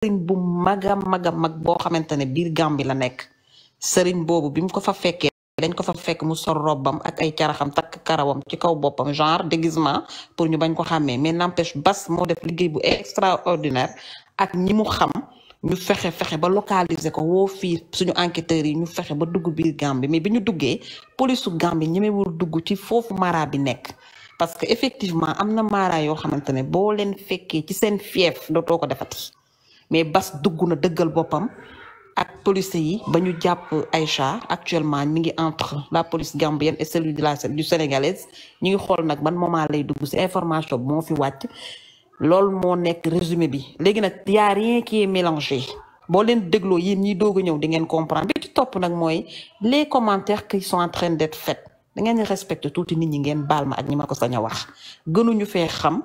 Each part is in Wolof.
sëriñ bu mag a mag mag boo xamante ne biir Gàmbi la nekk sëriñ boobu bi mu ko fa fekkee dañ ko fa fekk mu sol robbam ak ay caraxam takk karawam ci kaw boppam genre déguisement pour ñu bañ ko xàmmee mais n'empêche bas moo def liggéey bu extraordinaire ak ñi mu xam ñu fexe fexe ba localiser ko woo fii suñu enquêteurs yi ñu fexe ba dugg biir Gàmbi mais bi ñu duggee polisu Gàmbi ñemewul dugg ci foofu mara bi nekk parce que effectivement am na mara yoo xamante ne boo leen fekkee ci seen fief dootoo ko defati mais bas duguna deugal bopam ak police yi bañu japp Aïcha actuellement mi ngi entre la police gambienne et celle de la du sénégalaise ñi ngi xol nak ban moment lay dugg si information mo fi wacc loolu mo nek résumé bi légui nak y a rien qui est mélangé bo len dégloo yéen ñi dogu ñew di ngeen comprendre bi top nak moy les commentaires qui sont en train d'être faits da ngeen respecte tout nit ñi ngeen baal ma ak ñima ko saña wax gënuñu fe xam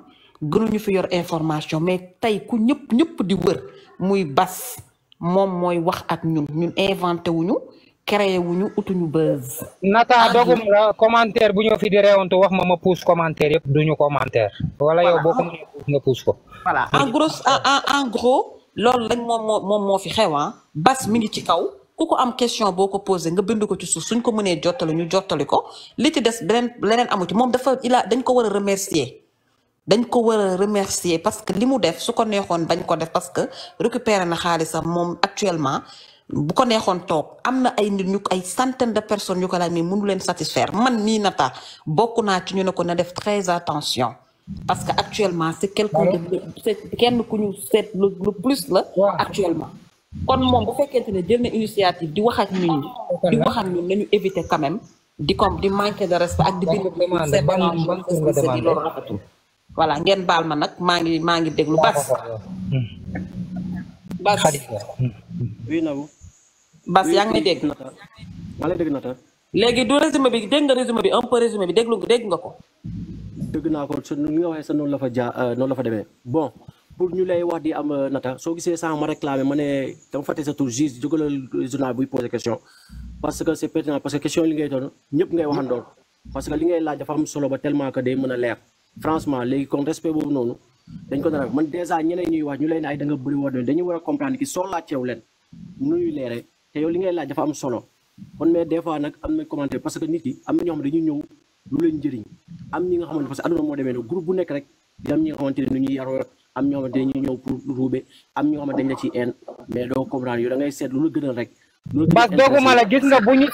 gënuñu fi yor information mais tay ku ñëpp ñëpp di wër muy bas mom moy wax ak ñun ñun inventé wuñu créé wuñu utuñu buzz. Nata dogum la commentaire bu ñu fi di réewantu wax ma ma pousse commentaire yëpp duñu commentaire. wala yow boko nga pousse ko. voilà en gros en gros lool lañ mom moo moom fi xew ah bas mi ngi ci kaw. ku ko am question boko poser nga bind ko ci suuf suñ ko mënee jottali ñu ko li ci des beneen leneen amu ci mom dafa il a dañ ko wara remercier je ko remercier parce que les mu def su ko neexoon parce que na actuellement bu ko neexoon toog am ay centaine de personnes qui ko mais mënu satisfaire man nata bokk très attention parce qu'actuellement, c'est quelqu'un de c'est kenn ku le plus la actuellement kon moom bu jël initiative di wax ak ah, di wax éviter quand même di comme de respect ak di bind ban voilà ngeen baal ma nag maa ngi maa ngi déglu Bas. Bas oui Nabou. Bas yaa ngi dégg. maa ngi dégg Nata. léegi du résumé bi dégg nga résumé bi un peu résumé bi dégg nga ko. dégg naa ko su ni nga waxee sa noonu la fa jaa euh, noonu la fa demee bon pour ñu lay wax di am euh, Nata soo gisee sax ma réclamé ma ne dama fàtte sa tur juste jógalal journal buy posé question parce que c'est pertinent parce que question li ngay doon ñëpp ngay waxandoon parce que li ngay laaj am solo tellement que day mën a leer. franchement léegi kon respect boobu noonu dañ ko dara man dèjà ñeneen ñuy wax ñu lay ay da nga bëri woon dañu a comprendre ki soo laajteew leen nuyu fois nag am na commentaire parce que nit yi am na ñoo xam dañuy ñëw lu leen njëriñ am ñi nga xamante parce que aduna moo demee ne groupe bu nekk rek di am ñi nga xamante ne nu ñuy yaroo am ñoo xamante dañuy ñëw pour ruube am ñoo xamante dañ mais doo comprendre yow da ngay seet lu la ñu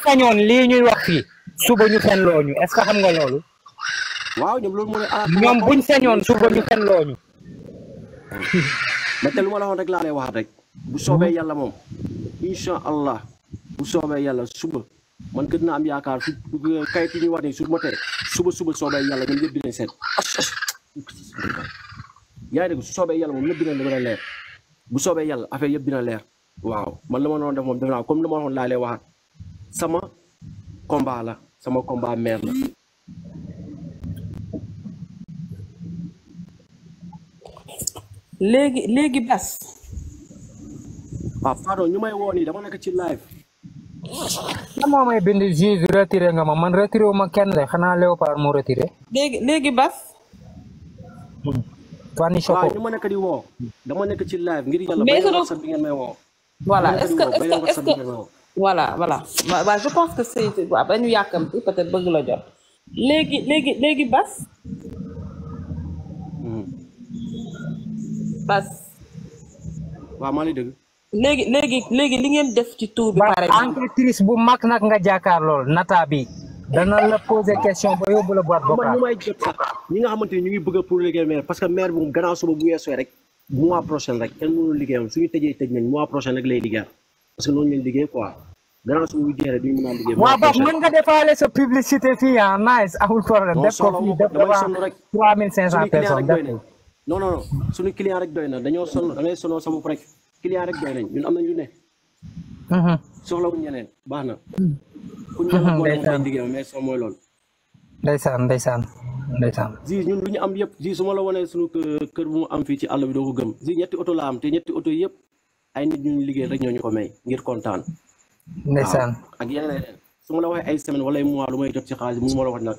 sañoon xam nga loolu waaw ñoom loolu mooy. ah ñoom buñ sañoon suba ñu fen looñu. mais te lu ma la waxoon rek laa lay rek. bu soobee hmm? yàlla moom. incha allah bu soobee yàlla suba man gën naa yaakaar fi yi ñuy wax nii su suba suba soobee yàlla ñoom ñëpp dinañ seet. yaa ngi su soobee yàlla moom ñëpp dinañ dina leer bu soobee yàlla affaire yëpp dina leer. waaw man la ma doon def moom comme li ma waxoon laa lay waxaat sama combat la sama combat mère la. léegi léegi bas. waaw pardon ñu may woo nii dama nekk ci live. moo may bind juge retiré nga ma man retiré wu ma kenn de xanaa Léopard moo retiré. léegi léegi bas. Fani Choco waaw ñu ma nekk di woo. dama nekk ci live ngir yàlla bi ngeen may woo. voilà est-ce que est-ce que voilà voilà waaw je pense que c'est waaw ba ñu yàkkamti peut-être bëgg la jot. léegi léegi léegi bas. bas. waaw maa ngi dëgg. léegi léegi léegi li ngeen def ci tuub bi. pare enquêtrice bu mag nag nga jàkkaar lool nata bi dana la poser question ba yóbbu la boîte vocale. man ñu may ñi nga xamante ni ñu ngi bëgg a pour liggéey maire parce que maire bu gannaaw suba bu yeesoo rek mois prochain rek kenn mënul liggéeyam suñu tëjee tëj nañ mois prochain rek lay liggéeyal parce que noonu liggéey quoi. gannaaw suba bu jeexee duñu mën a liggéey. waaw baax mën nga defaale sa publicité fii ah, non non non suñu client rek doy na dañoo sonn da ngay sonoo sa bopp rek client rek doy nañ ñun am nañ lu ne. soxlawuñ ñeneen baax na. Hmm. ku ñu ñëw boole ma liggéey mais soo mooy loolu. ndeysaan ndeysaan ndeysaan. ji ñun ñu am yëpp ji su ma la wanee suñu kër bu mu am fii ci àll bi doo ko gëm ji ñetti oto la am te ñetti oto yëpp ay nit ñu liggéey rek ñoo ñu ko may ngir kontaan. ndeysaan ak yeneen su ma la waxee ay semaine wala ay mois lu may jot ci xaalis mu ma la wax nag.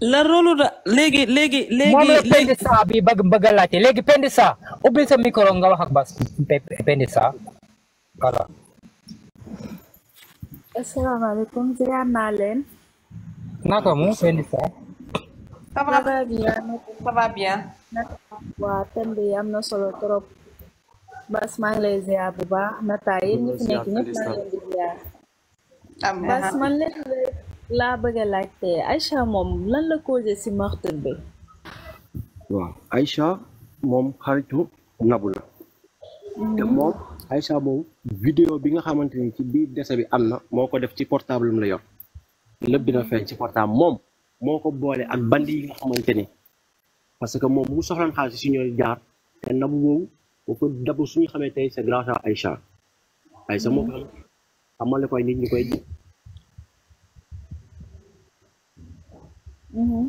la rolu da legi legi legi moom la sa bi bag bagalati legi pende sa Pendisa sa micro nga wax ak Bass Pendisa voilà asalaamaaleykum ziar na leen naka mu sa ça va bien ça va bien waa thème am na solo trop bas ma ngi lay ziar bu ba Nata yéen ñi fi nekk ñëpp maa ngi leen am bas man laa bëgg a laajte Aïcha moom lan la causé ci meurtre bi. waaw Aïcha moom xaritu Nabou la. Mm-hmm. te moom Aïcha moom. vidéo bi nga xamante ni ci biir dese bi am na moo ko def ci portable am la yor. bi dina feeñ ci portable moom moo ko boole ak bandi yi nga xamante ni parce que moom mu soxlaan xaalis si ñooy jaar te Nabou boobu boo suñu xamee tey c'est grâce à Aïcha Aïcha moo ko xamale koy nit ñi koy. Mm-hmm.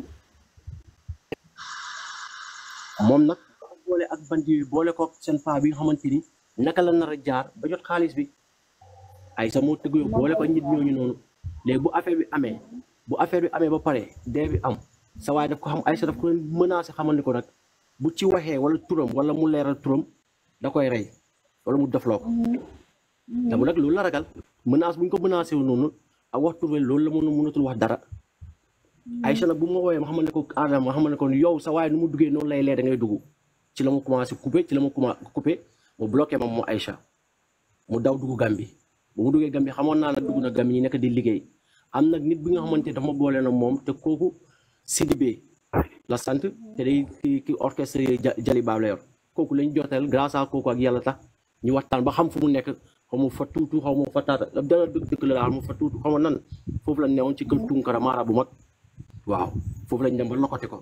moom nag boole ak bandi yi boole ko seen paa bi nga xamante ni naka la nar a jaar ba jot xaalis bi ay sa moo tëgg boole nit ñooñu noonu léegi bu affaire bi amee bu affaire bi amee ba pare dee bi am sa waaye daf ko xam ay sa daf ko leen menacé xamal ni ko nag bu ci waxee wala turam wala mu leeral turam da koy rey wala mu dofloo ko dama mm-hmm. nag loolu la ragal menace bu ñu ko menacé wu noonu ak wax tur loolu la mën a mënatul wax dara Mm. Aïcha nag bu ma woowee ma xamal ne ko Adama ma xamal ko yow sa waaye nu mu duggee noonu lay lee da ngay dugg ci la mu commencé coupé ci mu commencé ma mu Aïcha mu daw duggu Gambie bu mu duggee Gambie xamoon naa nag dugg na Gambie ñu nekk di liggéey am nag nit bi nga xamante ne dafa ma na moom te kooku Sidibé la sant te day ki ki orchestre Jalibaab la yor kooku lañ jotal grâce à kooku ak yàlla tax ñu waxtaan ba xam fu mu nekk xaw ma fa tuutu xaw ma fa taata dara dëkk la daal xaw ma fa tuutu xaw ma nan newoon ci kër Tunkara Mara bu mag. waaw foofu lañ dem ba lokati ko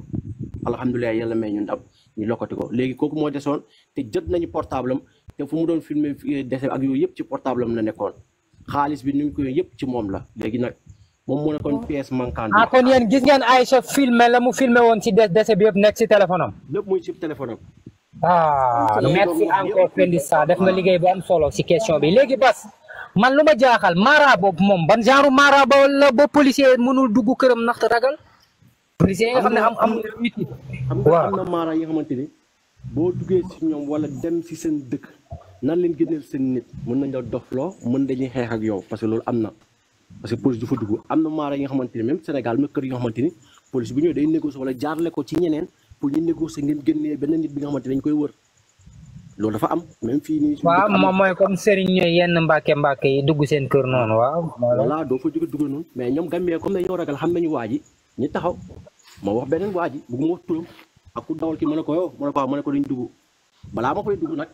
alhamdulilah yàlla may ñu ndam ñu lokati ko léegi kooku moo desoon te jot nañu portable am te fu mu doon filmer eh, dessin ak yooyu yëpp ci portable am la nekkoon xaalis bi nuñ ko yëpp ci moom la léegi nag moom mu nekkoon pièce manquante. ah kon yéen gis ngeen Aïcha filmé la mu filmé woon ci dessin bi yëpp nekk ci téléphone am. lépp muy ci téléphone am. ah merci encore Fendi Sarr def nga liggéey bi léegi Bas. man lu ma jaaxal mara boobu moom ban genre mara ba la ba policier mënul dugg këram ndax ragal. policiers yi nga xam ne am am na maara nga xamante ni boo duggee si ñoom wala dem seen dëkk nan leen génneel seen nit mën nañ la dofloo mën dañuy xeex ak yow parce que loolu am parce que police du fa dugg am na maara yi nga xamante ni même Sénégal même kër yi nga xamante ni police bu ñëwee day négocier wala jaarale ko ci ñeneen pour ñu négocier ngeen génnee benn nit bi nga xamante dañ koy wër. loolu dafa am même fii nii. waaw moom mooy comme Serigne ñooy yenn mbàkke mbàkke yi dugg seen kër noonu waaw. voilà doo fa jóge dugg noonu mais ñoom Gambie comme dañoo ragal xam nañu waa yi ñu taxaw ma wax beneen waa ji bëgguma wax turam ak ku dawal ki mën a ko yow mën a ko mën a ko dañ dugg balaa ma koy dugg nag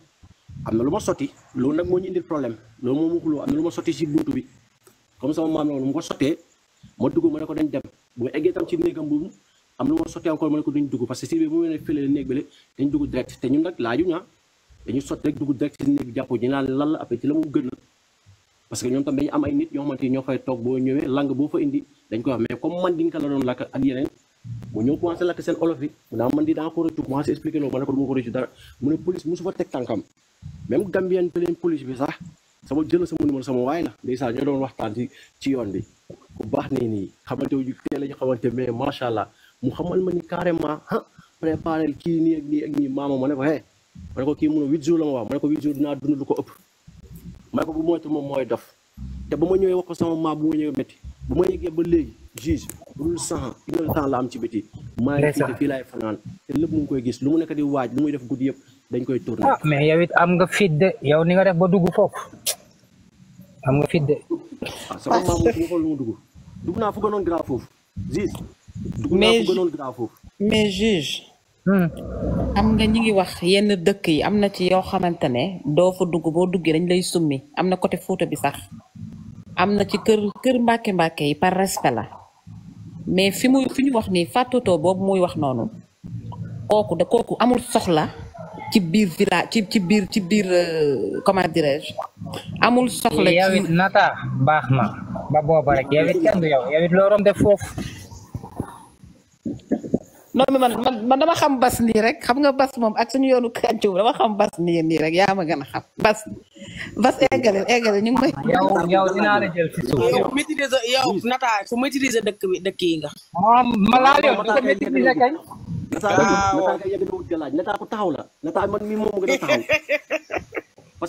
am na lu ma sotti loolu nag moo ñu indil problème loolu moo ma xuloo am na lu ma sotti si buntu bi comme sama maam la woon mu ko sottee ma dugg ma ne ko dañ dem bu ma eggee tam ci néegam boobu am lu ma sottee encore ma ne ko duñ parce que si biir bu ma nee fële néeg bi dañ dugg direct te ñun nag laaju ñaa dañu sotti rek dugg direct si néeg bi jàpp ñu naan lan la après ci la mu gën la parce que ñoom tam ñoo ñoo toog boo ñëwee lang boo fa indi dañ ko wax mais comme man ka la doon lakk ak yeneen mu ñëw commencé lakk seen olof yi mu naa man di daa ko rëccu commencé expliqué loolu ma ne ko du ma ko rëccu dara mu ne police musu fa teg tànkam même gambien bi police bi sax sama jël sama numéro sama waay la ndeysaan ñoo doon waxtaan ci ci yoon bi ku baax nii nii xamante wu teel a ñu xamante mais macha allah mu xamal ma ni carrément ha ah, préparer kii nii ak nii ak nii maama ma ne ko hé ma ne ko kii mu ne huit jours la ma wax ma ne ko huit jours dinaa dund lu ko ëpp ma ne ko bu moytu moom mooy dof te ba ma ñëwee wax ko sama maa bu ma ñëwee métti bu ma yeggee ba léegi juge bu dul saxan une heure temps la am ci biti maa ngi fii fii laay fanaan te lépp mu ngi koy gis lu mu nekk di waaj lu muy def guddi yëpp dañ koy tourné ah mais yow it am nga fit yow ni nga def ba dugg foofu am nga ah, dugg dugg naa fu gënoon grave foofu juge dugg naa hmm. am nga ñi ngi wax yenn dëkk yi am na ci yoo xamante ne doo fa dugg boo duggee dañ lay summi am na côté Fuuta bi sax am na ci kër kër mbàkke mbàkke yi par respect la mais fi muy fi ñu wax nii fàttutoo boobu muy wax noonu kooku da kooku amul soxla ci biir village ci ci biir ci biir euh, comment dirais-je amul soxla. yow it nata baax na ba booba rek yow kenn du yow yow it foofu. non mais man man dama xam bas nii rek xam nga bas moom ak suñu yoonu kàncu dama xam bas nii nii rek yaa ma gën a xam bas bas eggale eggale ñu ngi may. yow yow dinaa la jël ci dëkk bi dëkk yi nga. moom Malal yow du taxaw la nata man mii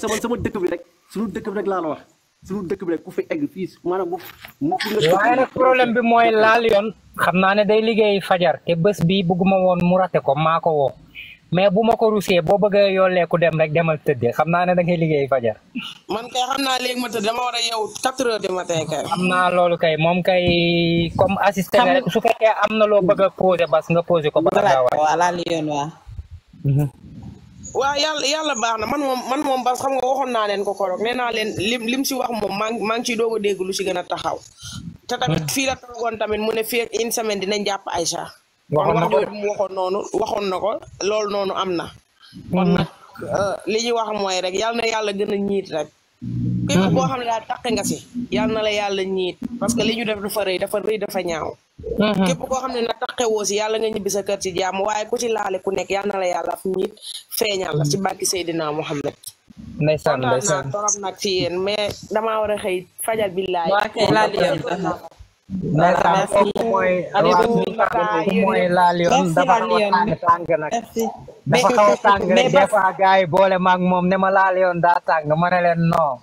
sama dëkk bi rek suñu dëkk bi rek laa wax. suñu dëkk bi ku fi waaye nag problème bi mooy laal yoon xam naa ne day liggéey fajar te bés bi bugguma woon mu rate ko maa ko woo mais bu ma ko rusee boo bëggee yolleeku dem rek demal tëddee xam naa ne da ngay liggéey fajar. man kay xam naa léegi ma dama war a yow quatre heures du matin kay. xam naa loolu kay moom kay comme assisté nga rek su fekkee am na loo bëgg a posé bas nga posé ko. ba nga waaw voilà yoon waa. waaw yàlla yàlla baax na man moom man moom bas xam nga waxoon naa leen ko koroog nee naa leen lim si wax moom maa ngi maa ngi ciy doog dégg lu si gën a taxaw. te tamit hmm. fii la woon tamit mu ne fii une semaine dinañ jàpp ay waxoon na waxoon noonu waxoon na ko loolu noonu am na. kon hmm. nag euh, li ñuy wax mooy rek yàlla na yàlla gën a ñiit rek. képp boo hmm. xam ne daal taq nga si yàlla na la yàlla ñiit parce que li ñu def dafa rëy dafa rëy dafa ñaaw. Mm-hmm. képp koo xam ne nag taxewoo si yàlla nga ñibbi sa kër ci jàmm waaye ku ci laale ku nekk yal na la yàlla fu ñit feeñal la ci barki Seydina Mohamed. ndeysaan ndeysaan kontaan naa torop nag ci yéen mais damaa war a xëy fajal billaay. waa kay laal yoon ndeysaan kooku mooy mooy laal yoon dafa xaw a tàng tàng nag dafa xaw a tàng rek des fois gars yi boole maag moom ne ma laal yoon daa tàng ma ne leen non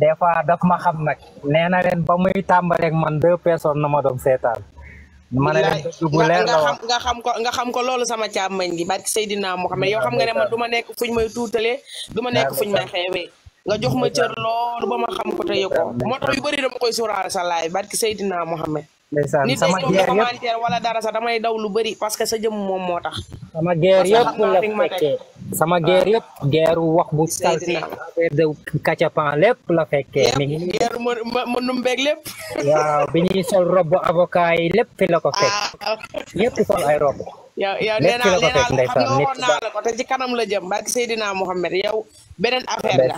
des fois daf ma xam nag nee na leen ba muy tàmbalee ak man deux personnes na ma doon seetaan ma ne leer la nga xam ko nga xam ko loolu sama may gi barki Seydina Muhammad yoo xam nga ne man du ma nekk fuñ may tuutalee du ma nekk fuñ may xeewee nga jox ma cër loolu ba ma xam ko te yëg ko moo tax yu bëri dama koy sóoraal sa laay barki Seydina Muhammad ndeysaan sama geer wala dara sax damay daw lu bëri parce que sa jëm sama geer yëpp la fekkee sama geer yëpp wax bu salté affaire de kacapan lépp la fekkee mi ngi geeru mënum beeg lépp waaw bi sol robb avocat yi lépp fi la ko fekk ñëpp sol ay robb yow yow nee naa xam nga naa la ko te ci kanam la jëm barki Seydina yow affaire la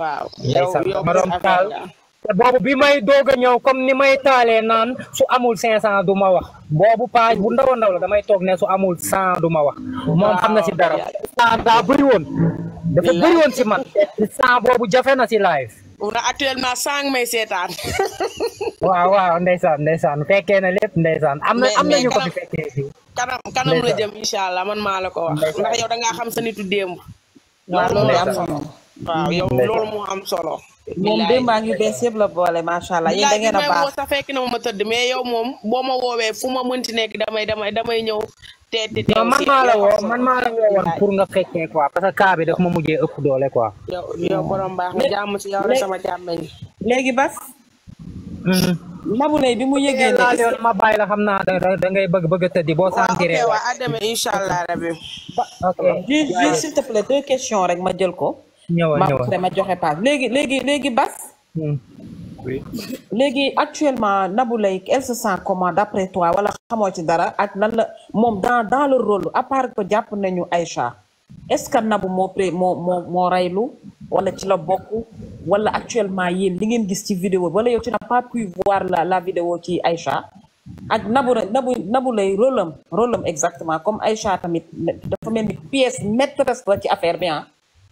waaw yow yow te boobu bi may doog ñëw comme ni may taalee naan su amul cinq cent du ma wax boobu page bu ndaw a ndaw la damay toog ne su amul cent du ma wax moom xam na si dara cent daa bëri woon dafa bëri si man cent boobu jafe na si live wala actuellement sang may seetaan waaw waaw ndeysaan ndeysaan fekkee na lépp ndeysaan am na am nañu ko fi fekkee fii kanam kanam la jëm incha allah man maa la ko wax ndax yow xam sa nitu démb waaw loolu am solo am solo moom démb a ngi bees yëpp la boole macha allah yéen da ngeen a fekk na ma tëdd mais yow moom boo ma woowee fu ma mënti nekk damay damay damay ñëw. te te te maa la pour nga fekkee quoi parce que cas bi dafa ma mujjee ëpp doole quoi. yow yow borom baax nga jàmm ci yow la sama jàmmeñ. léegi bas. Nabou mm-hmm. Leye bi mu yëgee ne ma bàyyi la xam naa da ngay bëgg bëgg a tëddi boo sentiree waaw ok waaw adama incha allah rabi. ok juste s'il te plaît deux questions rek ma jël ko. ñëwaat ñëwaat ma ma joxe paas léegi léegi Bas. Hmm. oui. léegi actuellement Nabou Leye elle se sent comment d'après toi wala xamoo ci dara ak nan la moom dans dans le rôle à part que jàpp nañu Aïcha est-ce que Nabou moo pré moo moo moo raylu wala ci la bokk wala actuellement yéen li ngeen gis ci vidéo wala yow tu n'as pas pu voir la la vidéo ci Aïcha ak Nabou Nabou Nabou rôle rôle exactement comme Aïcha tamit dafa mel ni pièce maîtresse la ci affaire bien. Ah.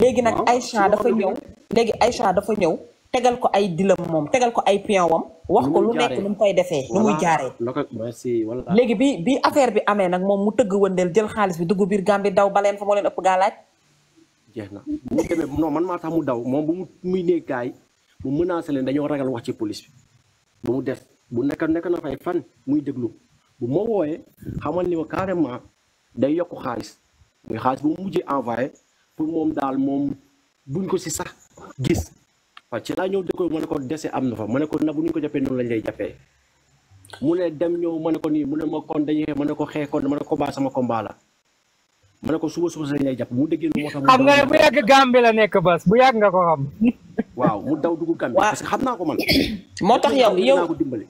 légui nak ah, Aïcha dafa ñëw légui Aïcha dafa ñëw tegal ko ay dilam mom, tegal ko ay pion wam wax ko lu nekk lu mu koy defee lu muy jaaré légui bi bi affaire bi amé nak mom mu tëgg wëndel jël xaaliss bi duggu bir gambi daw balen fa mo leen ëpp galaaj jeexna mu demee non man ma tax mu daw mom bu muy né gaay mu menacer leen dañoo ragal wax ci police bi bu mu def bu nekk nekk na fay fan muy déglu bu mo woyé xamal ni ma carrément day yokku xaaliss muy xaaliss bu mu mujjee pour moom daal moom buñ ko si sax gis waaw ci laa ñëw dëkkoy ma ne ko dese am na fa ma ne ko na bu ñu ko jàppee noonu lañ lay jàppee mu ne dem ñëw ma ne ko nii mu ne ma kon dañuy xee ma ne kon ma ko combat sama combat la ma ne ko suba suba sax lañ lay jàpp mu déggee moo tax xam nga ne bu yàgg Gambie bu yàgg nga ko xam waaw mu daw dugg Gambie parce que xam naa ko man moo tax yow yow ko dimbali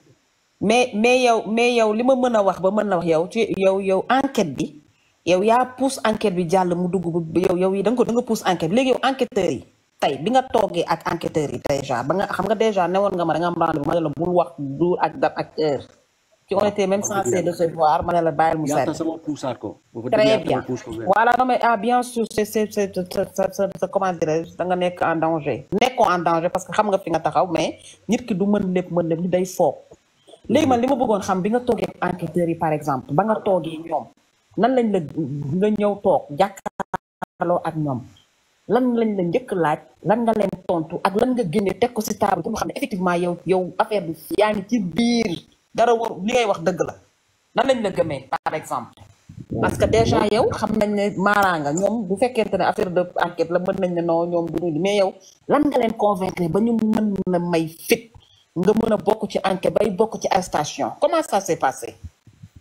mais mais yow mais yow li ma mën a wax ba mën a wax yow ci yow bi yow yaa pousse enquête bi jàll mu dugg ba yow yow yi da ko da nga pousse enquête bi léegi yow enquêteurs yi tey bi nga toogee ak enquêteurs yi dèjà ba nga xam nga dèjà newoon nga ma da nga am ma ne la bul wax jour ak date ak heure. ci on ma ne la bàyyil mu sedd. très bien voilà non mais ah bien sûr c'est c'est da nga nekk en danger. nekkoo en danger parce que xam nga fi nga taxaw mais nit ki du mën lépp mën lépp ni day foog léegi man li ma bëggoon xam bi nga toogee enquêteurs yi par exemple ba nga toogee ñoom. nan lañ la nga ñëw toog jàkkaarloo ak ñoom lan lañ la njëkk laaj lan nga leen tontu ak lan nga génne teg ko si table pour nga xam ne effectivement yow yow affaire bi yaa ngi ci biir dara waru li ngay wax dëgg la nan lañ la gëmee par exemple parce que déjà yow xam nañ ne maanaa nga ñoom bu fekkente ne affaire de enquête la mën nañ ne non ñoom duñu mais yow lan nga leen convaincre ba ñu mën na may fit nga mën a bokk ci enquête bay bokk ci arrestation comment ça s'est passé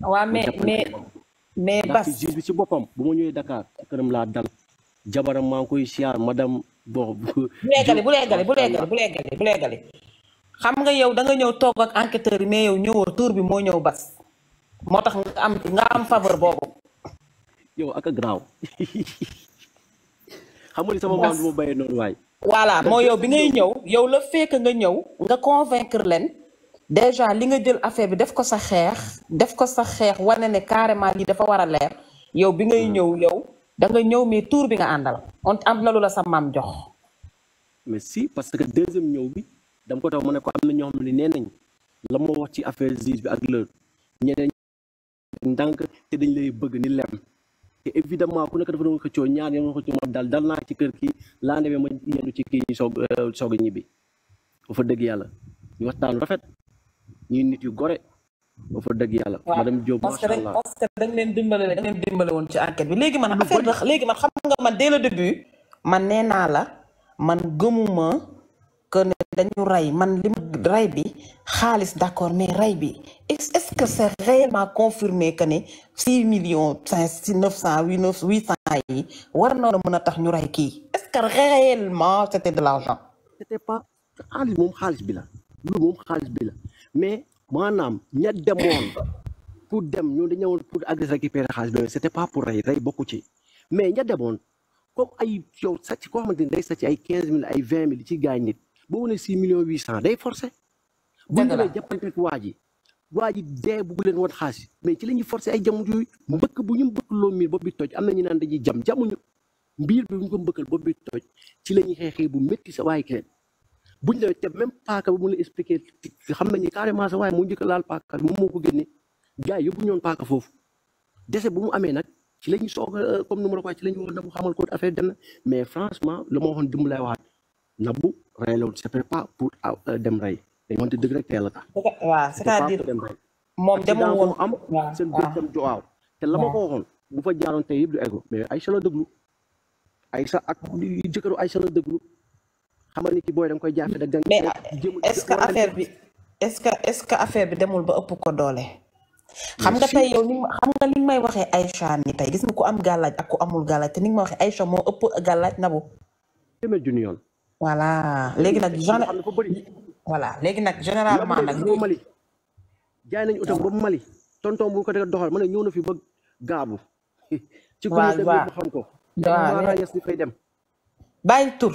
waaw mais mais mais Bas juge bi ci boppam bu ma ñëwee Dakar ci këram laa dal jabaram maa ngi koy siyaar madame bon bu leegale bu leegale bu leegale bu leegale xam nga yow da nga ñëw toog ak enquêteur yi mais yow ñëwoo tour bi moo ñëw Bas moo tax nga am nga am faveur boobu yow ak a garaaw sama maam du ma bayee noonu waay voilà moo yow bi ngay ñëw yow la fekk nga ñëw nga convaincre leen déjà li nga jël affaire bi def ko sa xeex def ko sa xeex wane ne carrément lii dafa war a leer yow bi ngay hmm. ñëw yow da nga ñëw mii tour bi nga àndal on am na lu la sa maam jox. mais parce que deuxième ñëw bi dama ko taw ma ne ko am na ñoo xam ne nee nañ la moo wax ci affaire juge bi ak leur ñeneen ndànk te dañ lay bëgg ni lem te évidemment ku nekk dafa doon xëccoo ñaar yoon xëccoo ma dal dal naa ci kër kii laa demee ma yendu ci kii soog euh, soog ñibbi bu fa dëgg yàlla ñu waxtaan rafet. ñuy nit yu gore ba fa dëgg yàlla. madame Diop macha allah parce que dañ leen dimbale dañ leen dimbale woon ci enquête bi léegi man affaire bi léegi man xam nga man dès le début man nee naa la man gëmuma que ne dañu rey man li mu rey bi xaalis d' accord mais rey bi est ce que c' est réellement confirmé que ne six millions cinq neuf cent huit neuf huit cent yi war noonu mën a tax ñu rey kii est ce que réellement c' était de l' argent. c' était pas xaalis moom xaalis bi la loolu moom xaalis bi la. mais maanaam ña demoon pour dem ñoom dañu ñëwoon pour agresser récupérer xaalis bi c'était pas pour rey rey bokku ci mais ña demoon comme ay yow sàcc koo xamante ni day sàcc ay quinze mille ay vingt mille ci gaañ nit boo wane six millions huit cent day forcé bu ñu leen jàppante ak waa ji waa ji dee bugg leen woon xaalis mais ci la ñuy forcé ay jamono yooyu mbëkk bu ñu mbëkk loo miir bopp bi toj am na ñu naan dañuy jam jamuñu mbiir bi bu ñu ko mbëkkal bopp bi toj ci la ñuy xeexee bu métti sa waaye keneen buñ demee te même paaka bi mu la expliqué xam nañu carrément sa waaye mu njëkk laal paaka bi moom moo ko génne gars yóbbu ñoon paaka foofu dese bu mu amee nag ci la ñu soog comme nu mu la ko ci la ñu na mu xamal ko affaire dem na mais franchement la ma waxoon dimb lay waxaat na bu rey la woon c'est pas pour euh, dem rey dañu wante a tax. waaw cest à moom woon am te la ma ko waxoon bu fa jaaroon tey yëpp du egg mais Aïcha la déglu Aïcha ak jëkkëru xam nga ni ki da nga koy jàppe dag mais euh, est-ce que affaire bi est-ce que est-ce que affaire bi demul ba ëpp ko doole. xam nga tey yow may waxee Aïcha ni tey gis ma ku am gàllaaj ak ku amul gàllaaj te ni nga ma waxee Aïcha moo ëpp gàllaaj nabu. téeméer junni yoon. voilà léegi nag. voilà léegi nag généralement nag. Mali jaay nañ oto ba Mali tonton bu ko doxal ma ne ñëw na fi ba gaabu. ci ku ñu dem xam ko. waaw waaw tur.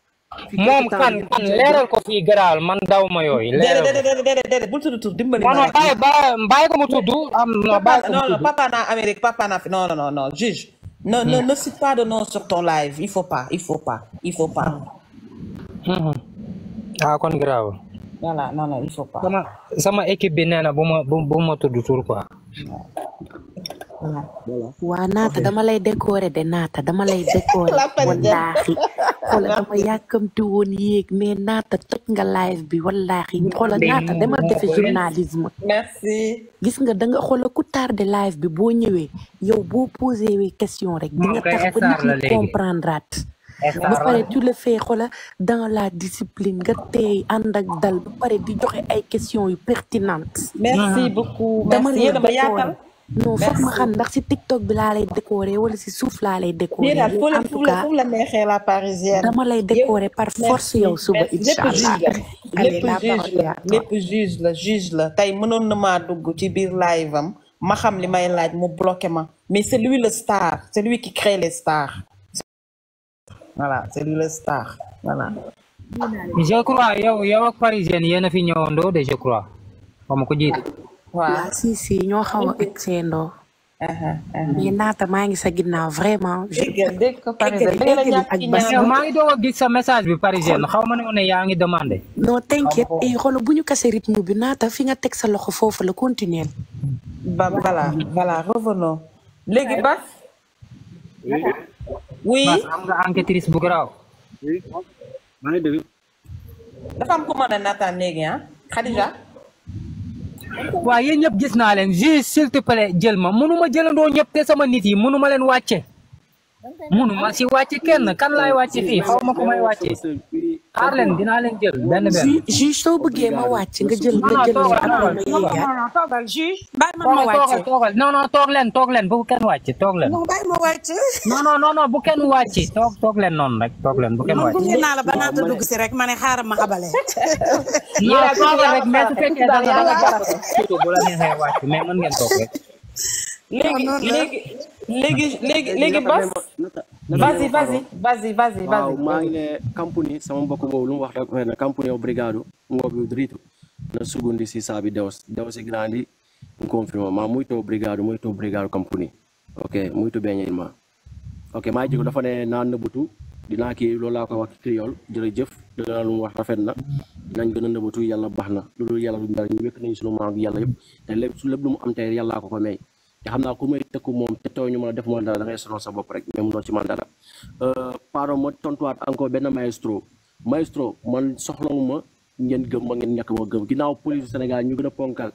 moom kan leeral ko fii garaawal man daw ma yooyu. leeral déedéet am na bàyyi ko mu papa naa Amérique papa naa fi non non non non juge. non non hmm. ne cite pas de nom sur ton live il faut pas il faut pas hmm. ah, kon garaawal. sama sama équipe na bu ma bu ma tudd tur waa naata dama lay décorer de naata dama lay décorer wallaahi xoola dama yàkkamti woon yéeg mais naata toj nga live bi wallaahi xoola naata dama defe journalisme merci gis nga da nga xoola ku tardé live bi boo ñëwee yow boo posé wee question rek di nga tax ba nit ñi comprendre at ba pare tu le fais xoola dans la discipline nga teey ànd ak dal ba pare di joxe ay questions yu pertinentes merci beaucoup dama dama yaatal non je ma xam si TikTok bi laa lay décorer wala si lay décorer. la la la parisienne. lay décorer par force yow juge la juge la ci biir live ma xam li may laaj mu mais c'est lui le star c'est lui qui crée les stars. voilà c'est lui le star voilà. je crois yow yow parisienne de je crois waaw ah, si si ñoo xaw a egg seendoo mais naata maa ngi sa ginnaaw vraiment. dégg ko parisien dégg la ngi doog gis sa message bi parisien xaw ma ne yaa ngi demandé. non t'inquiète et eh, xoolal bu ñu kase rythme bi naata fi nga teg sa loxo foofu la continuer. ba voilà voilà revenons. léegi Bas. oui Bas am nga enquêtrice bu garaaw. oui maa ngi dégg. dafa am ku ma ne naataan léegi ah Khadija. waaw yéen ñëpp gis naa leen juste s'il te jël ma mënuma jëlandoo ñëpp te sama nit yi mënuma leen wàcce mënuma si wàcce kenn kan laay wàcce fii xaw ma ko may wàcce xaar leen dinaa leen jël benn benn. juge soo bëggee ma wàcc nga jël nga jël ma après ma yeeyaat. non non toogal juge. bàyyi ma ma wàcc toogal non non toog leen toog leen bu kenn wàcc toog leen. non bàyyi ma wàcc. non non non bu kenn wàcc toog toog leen noonu rek toog leen bu kenn wàcc. man gunge naa la ba naata dugg si rek ma ne xaaral ma xabale. yow toogal rek mais su fekkee da nga da nga bu la neexee wàcc mais mën ngeen toog rek. léegi léegi. léegi léegi léegi Bas. maa ngi ne compagnie sama mbokk boobu lu mu wax rek na compagnie o brigado ngobi drito na sugundi si saabi dews dews e grandi confirmo ma muito brigado muito obrigado compagnie ok muito bem ma ok maa jigo dafa ne naa nëbbatu dinaa kii loolu laa koy wax criol jërëjëf dana lu mu wax rafet na dinañ gën a nëbbatu yàlla baax na loolu dul duñ dara ñu wékk nañ sunu maam yàlla yëpp te lépp lu mu am tey yàllaa ko ko may te xam naa ku may tëkku moom te tooy ñu mën a def ma dara da ngay sonal sa bopp rek mais mënoo ci man dara euh, pardon ma tontuwaat encore benn maestro maestro man soxlawuma ngeen gëm ma ngeen ñàkk ma gëm ginnaaw police Sénégal ñu gën a ponkal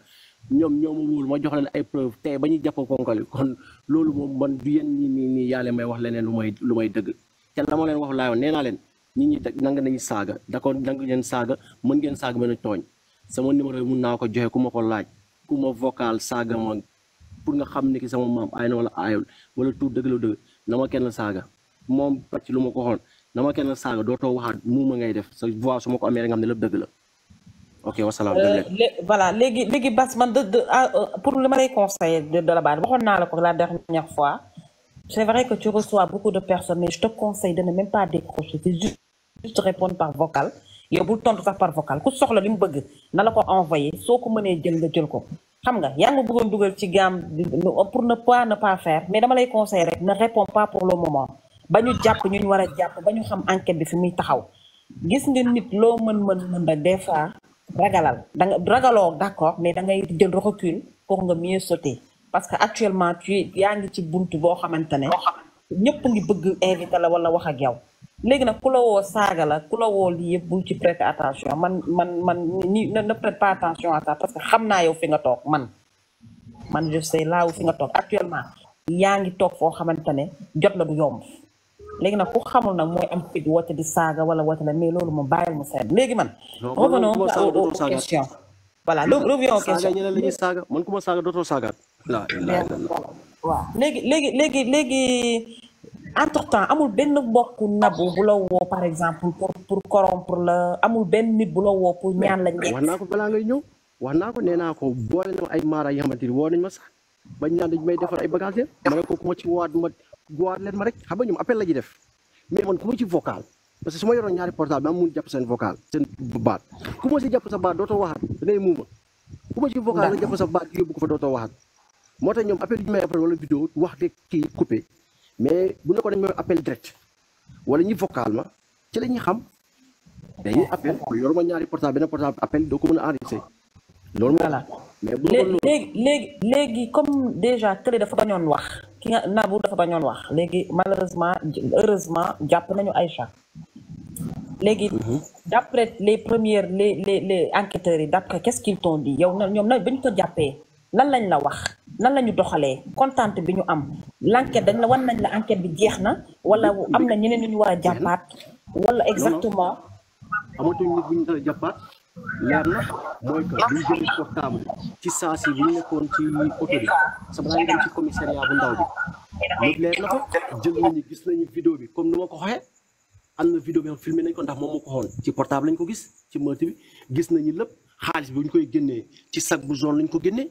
ñoom ñoom wóolu ma jox leen ay preuve tey ba ñuy jàpp ponkal kon loolu moom man du yéen ñi nii nii yàlla may wax leneen lu may lu may dëgg te la ma leen wax laayoon nee naa leen nit ñi nang nañu saaga d'accord nang leen saaga mën ngeen saaga mën a tooñ sama numéro yi mun naa ko joxe ku ma ko laaj ku ma vocal saaga pour nga xamné ne ki sama maam aay na wala aayul wala tout deug la dëgg na ma kenn saga mom pàcc lu ma ko xoon na ma kenn saga doto waxat muuma ngay def sa voix su ko amé nga xamné la deug la ok wasalaam. Euh, voilà légui légui Bas man de de ah, euh, pour li ma conseiller de la barre waxon na la ko la dernière fois c'est vrai que tu reçois beaucoup de personnes mais je te conseille de ne même pas décrocher c'est juste juste répondre par vocal yow bul tontu sax par vocal ku soxla li mu bëgg na la ko envoyé soo ko mënee jël nga jël ko xam nga yaa ngi bëggoon dugal ci gamme pour ne pas ne pas faire mais dama lay conseil rek ne répond pas pour le moment ba ñu jàpp ñu ñu war a jàpp ba ñu xam enquête bi fi muy taxaw gis nga nit loo mën mën mën da des fois ragalal da nga ragaloo d'accord mais da ngay jël recul pour nga mieux sauter parce que actuellement tu yaa ngi ci bunt boo xamante ne ñëpp ngi bëgg invité la wala wax ak yow léegi nag ku la woo saaga la ku la woo lii yëpp ci prêter attention man man man ni ne prête pas attention à ça parce que xam naa yow fi nga toog man man je sais laaw fi nga toog actuellement yaa ngi toog foo xamante ne jot la du yomb léegi nag ku xamul nag mooy am fit woote di saaga wala woote la mais loolu mu bàyyil mu seet léegi man. revenons aux questions voilà loolu revenons aux questions. saaga ñeneen la ñuy saaga man ku ma saaga dootoo léegi léegi léegi léegi. entre-temps amul benn mbokk nabu bu la woo par exemple pour pour corrompre la amul ben nit bu la woo pour ñaan la ñekk. wax naa ko balaa ngay ñew wax naa ko nee ko boole na ay mara yi nga xamante nañ ma sax bañ ñaan dañ may defar ay bagages ma ko kuma ci waat ma waat leen ma rek xam nga ñum appel la ji def mais man kuma ci vocal parce que suma yoro yoroon ñaari portable maa mun japp sen vocal sen baat kuma ci japp sa baat doto waxat dangay muuma kuma ci vocal la japp sa baat yóbbu ko fa doto waxat motax ñom appel yi may appel wala vidéo wax de ki coupé mais bu ko dañu appel direct wala ñi vocal ci xam ah. appel ñaari portable portable appel comme déjà dafa bañoon wax ki nga dafa bañoon wax malheureusement heureusement Aïcha mhm. d'après les premières les les enquêteurs d'après qu'est-ce qu'ils t'ont dit yow ko lan la wax nan la ñu doxalee contente bi ñu am l'enquête dañ la wan nañ la enquête bi jeex na wala am na ñeneen ñu war a jàppaat wala exactement amatuñ nit bu ñu war a jàppaat leer na mooy que ci saa si bi ñu nekkoon ci oto bi sama daan dem ci commissariat bu ndaw bi lépp leer na ko jël nañu gis nañu vidéo bi comme nu ma ko waxee am na vidéo bi am filmé nañ ko ndax moom moo ko xool ci portable lañ ko gis ci meurtre bi gis nañu lépp xaalis bi bu ñu koy génnee ci sac bu jaune lañ ko génnee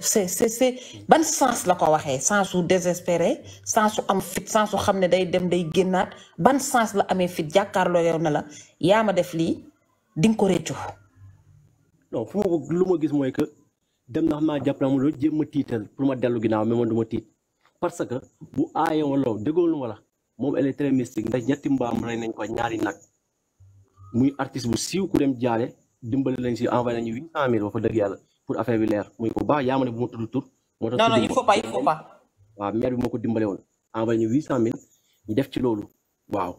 c'est c'est c'est ban sens la ko waxee sens su désespéré sens su am fit sens su xam ne day dem day génnaat ban sens la amee fit jàkkaarloo yow na la yaa ma def lii di nga ko réccu non fu ma ko lu ma gis mooy que dem na xam naa jàpp naa mu doon jéem a tiital pour ma dellu ginnaaw mais man du ma tiit parce que bu aaye wala déggoolu wala moom elle est très mystique ndax ñetti mbaam rey nañ ko ñaari nag muy artiste bu siiw ku dem jaale dimbali lañ si envoyé nañu huit cent mille wax dëgg yàlla pour affaire bi leer muy bu baax yaa ma ne bu ma tudd tur. moo tax non non waaw maire bi moo ko dimbale woon envoyé ñu def ci loolu waaw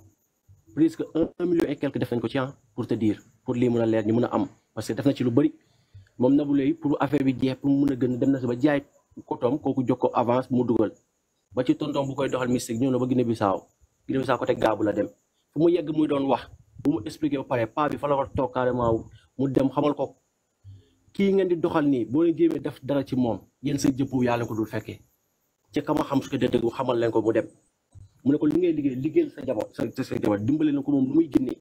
plus que un ko ci ah, pour te pour lii mën a leer ñu mën a am parce que def na ci lu bëri moom Nabou Leye pour affaire bi jeex pour mu mën a gën dem na si ba jaay kotoom kooku jox ko avance mu dugal ba ci tonton bu koy doxal mystique ñëw na ba Guinée Bissau Guinée Bissau côté Gaabu la dem fu mu yegg muy doon wax bu mu expliqué ba pare pas bi fa la war a toog carrément mu ko. kii ngeen di doxal nii boo leen jéemee def dara ci moom yéen seen jëppu yàlla ko dul fekkee ci a xam su ko dee xamal leen ko mu dem mu ne ko li ngay liggéey liggéeyal sa jabar sa sa jabar dimbale na ko moom lu muy génne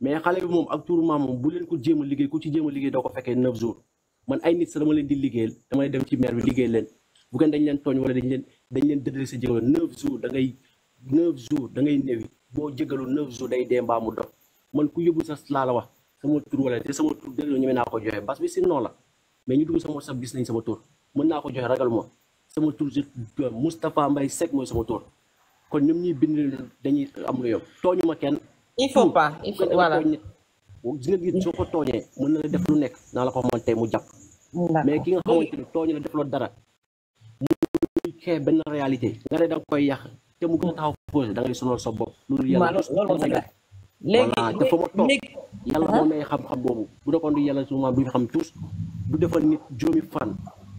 mais xale bi moom ak turu maam bu leen ko jéem a liggéey ku ci jéem a liggéey doo ko fekkee neuf jours man ay nit sax dama leen di liggéeyal damay dem ci maire bi liggéey leen bu ngeen dañ leen tooñ wala dañ leen dañ leen dëddale sa jégalu neuf jours da da ngay néewi boo jégalu neuf jours day dee mbaa mu dox man ku yóbbu sax laa la wax sama tur wala te sama tur dégg ñu mën naa ko joxe bas bi si noonu la mais ñu dugg sama WhatsApp gis nañ sama tur mën naa ko joxe ragal moom sama tur je euh, Moustapha Mbaye Seck mooy sama tur kon ñoom ñuy bind dañuy am lu yomb tooñu ma kenn. il nga gis soo ko na la def lu nekk naa la ko xamal tey mu jàpp. mais ki nga xamante ne tooñu la def loo dara. muy xee benn réalité nga ne da nga koy yàq te mu gën a taxaw posé da ngay sonal sa bopp. loolu yàlla loolu léegi dafa ma toog yàlla moo ah? may xam-xam boobu bu doon du yàlla suma du xam tuus du defal nit juróomi fan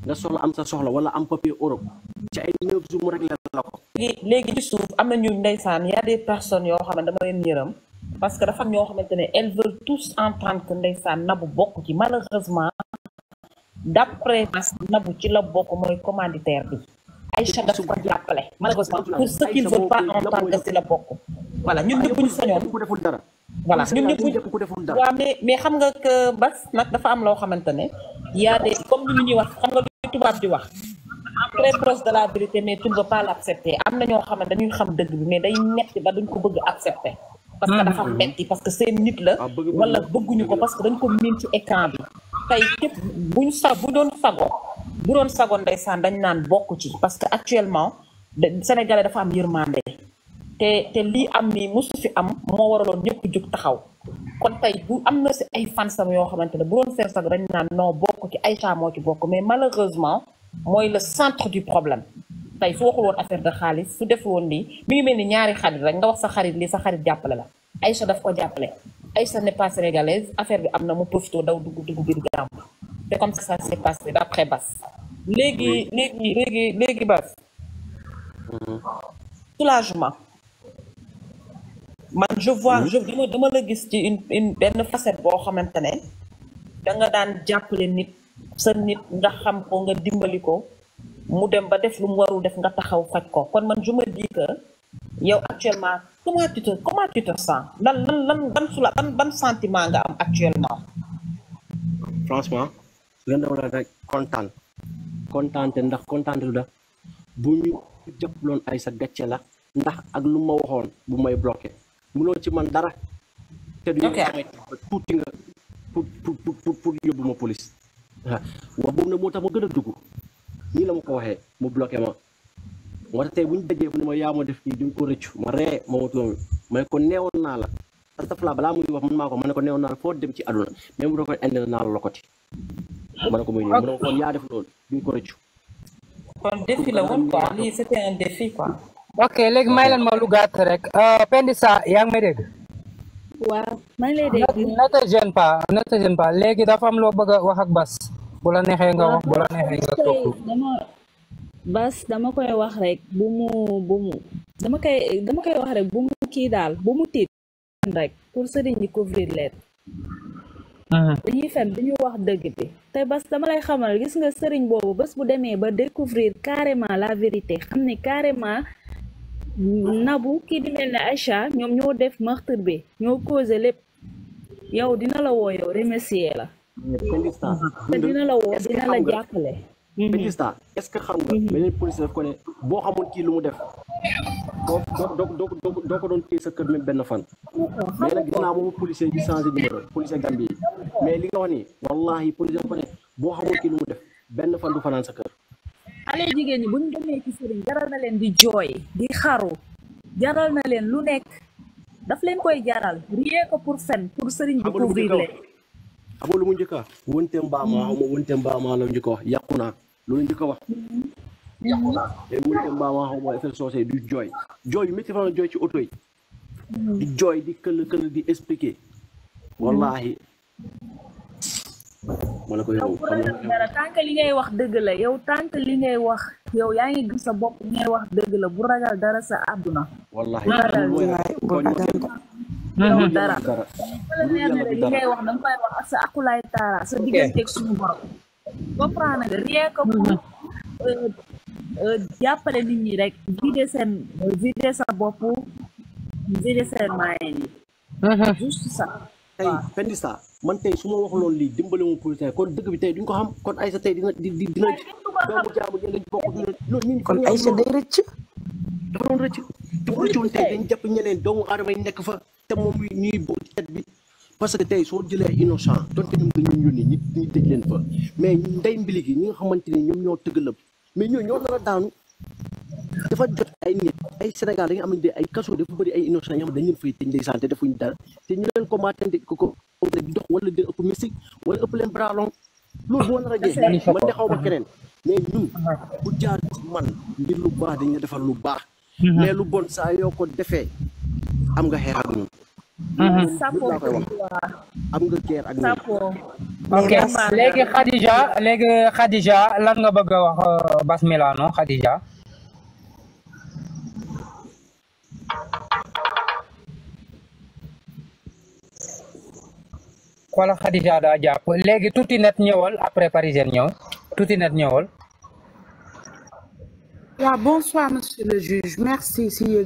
nga soxla am sa soxla wala am papier Europe ci ay neuf jours mu réglé léegi léegi suuf am na ñu ndeysaan y a des personnes yoo xam ne dama leen yërëm parce que dafa ñoo xamante ne elles veulent tous entendre que ndeysaan nabu bokk ci malheureusement d'après nabu ci la bokk mooy commanditaire bi. Aïcha daf ko jàppale malheureusement pour ceux qui ne veulent pas entendre si la bokk voilà ñun ñëpp ñu sañoon voilà ñun ñu ñëpp wa mais mais xam nga que bas nak dafa am lo xamantene ne y a des comme ñu ñi wax xam nga lu tubaab di wax très proche de la vérité mais tu ne veux pas l'accepter am na ñoo xam ne dañuy xam deug bi mais day metti ba duñ ko bëgg accepter parce que dafa hmm. metti parce que c'est nit la ah, wala bëgguñu ko parce que dañ ko miin ci écran bi tay kep buñ sa bu doon sago bu doon sagoon ndeysaan dañ naan bokk ci parce que actuellement sénégalais dafa am yërmande te te li am ni musu fi am moo waraloon ñëpp jug taxaw kon tey bu am na si ay fansam yoo xamante ne bu doon seen sag dañ naan non bokk ci Aïcha moo ci bokk mais malheureusement mooy le centre du problème tey su waxul woon affaire de xaalis su deful woon lii mi ngi mel ni ñaari xarit rek nga wax sa xarit lii sa xarit jàppale la Aïcha daf ko jàppale Aïcha n'est pas sénégalaise affaire bi am na mu profité daw dugg dugg biir gàmm te comme ça ça s'est passé d'après Bass léegi léegi léegi léegi bas soulagement man je vois dama dama la gis ci une benn facette boo xamante ne da daan jàppale nit sa nit nga xam ko nga dimbali ko mu dem ba def lu mu warul def nga taxaw faj ko kon man je me yow actuellement comment tu te lan lan ban sula sentiment nga am actuellement franchement gën dama la rek kontaante ndax kontaante la bu ñu loon ay sa gàcce la ndax ak lu ma waxoon bu may bloqué mënoo ci man dara te du tuuti nga pour pour yóbbu ma police ah, waaw wax boobu nag moo tax ma gën a dugg nii la ma ko waxee mu bloqué ma moo tax tey bu ñu dajee mu ne ma yaa ma def kii duñ ko rëccu ma ree ma watuomi ma ne ko neewoon naa la astafurlah balaa muy wax man maa ko ma ne ko neewoon naa la foo dem ci àdduna même bu doon ko indi naa la lokoti ma ne muy nii mu ne ko kon yaa def ok léegi may leen ma lu gàtt rek euh, Pendi Sa yaa ngi may dégg. waaw maa ngi lay dégg. ne léegi dafa am loo bëgg a wax ak Bas bu la neexee nga wax bu la neexee nga toog. Bas dama koy wax rek bu mu bu mu dama koy wax rek bu mu kii daal bu mu tiit rek pour sëriñ yi couvrir leen. Mm-hmm. dañuy fen du ñu wax dëgg bi te bas dama lay xamal gis nga sëriñ boobu bés bu demee ba découvrir carrément la vérité xam ne carrément nabu kii di mel ne Aïcha ñoom ñoo def meurtre bi ñoo causé lépp yow dina la woo yow la te dina la woo mm-hmm. jàppale Pakistan mhm. est-ce que xam nga. Mhm. beneen policier daf ko ne boo xamul kii lu mu def. doo doo doo doo ko doon téye sa kër même benn fan. mais nag gis naa moom policier yi changé numéro policier Gambie yi mais li nga wax nii wallahi policier daf ko ne boo xamul kii lu mu def benn fan du fanaan sa kër. xale jigéen ñi bu ñu demee ci sëriñ jaral na leen di jooy di xaru jaral na leen lu nekk daf leen koy jaral rien que pour fen pour sëriñ bi couvrir leen. amul lu mu njëkk a wante mbaamaa mhm. xaw ma wante mbaamaa la njëkk a wax yàqu naa. loolu njëkk a wax yàqu naa te mu ne mbaa maa xaw effet soosé du jooy jooy yu métti fan jooy ci oto yi di jooy di kël kël di expliquer wallaahi ko yow tànk li ngay wax dëgg la yow tànk li ngay wax yow yaa ngi gis sa bopp li ngay wax dëgg la bu ragal dara sa àdduna wallaahi yow dara li ngay wax danga koy wax sa akulaay taara sa digganteeg suñu comprendre nga rien que pour mhm. euh, euh, jàppale nit ñi rek vider seen vider sa bopp vider seen moyen yi mhm. juste ça tey Fendista man tey su ma wax loolu lii dimbale mu politicien kon dëkk bi tey duñ ko xam kon Aïssa tey dina di dina doomu jaamu jënd bokk dina kon Aïssa day nekk fa te moom ñuy bo cet bi parce que tay so jëlee innocent donte ñoom ñu ñu nit ñi tëj leen fa mais ndey gi ñi nga xamanteni ñom ñoo tëgg mais ñoo ñoo dara a daanu dafa jot ay nit ay Sénégal dañu amante ay kasso dafa bari ay innocent ñam dañu fay tëj ndeysaan te defuñu dara té ñu leen combattre ko ko di dox wala di ëpp mystique wala ëpp leen bras long loolu boo nar a jee man de xaw ba keneen mais ñun bu jaar ci man ngir lu baax dañu defal lu baax mais lu bon sa yo ko défé am nga xeex ak ñun Mm-hmm. sapo um, sapo ok léegi Khadija léegi Khadija lan nga bëgg a wax uh, Bas Milano Khadija wala Khadija daa jàpp léegi tuuti net après parisien net bonsoir monsieur le juge merci si Yegel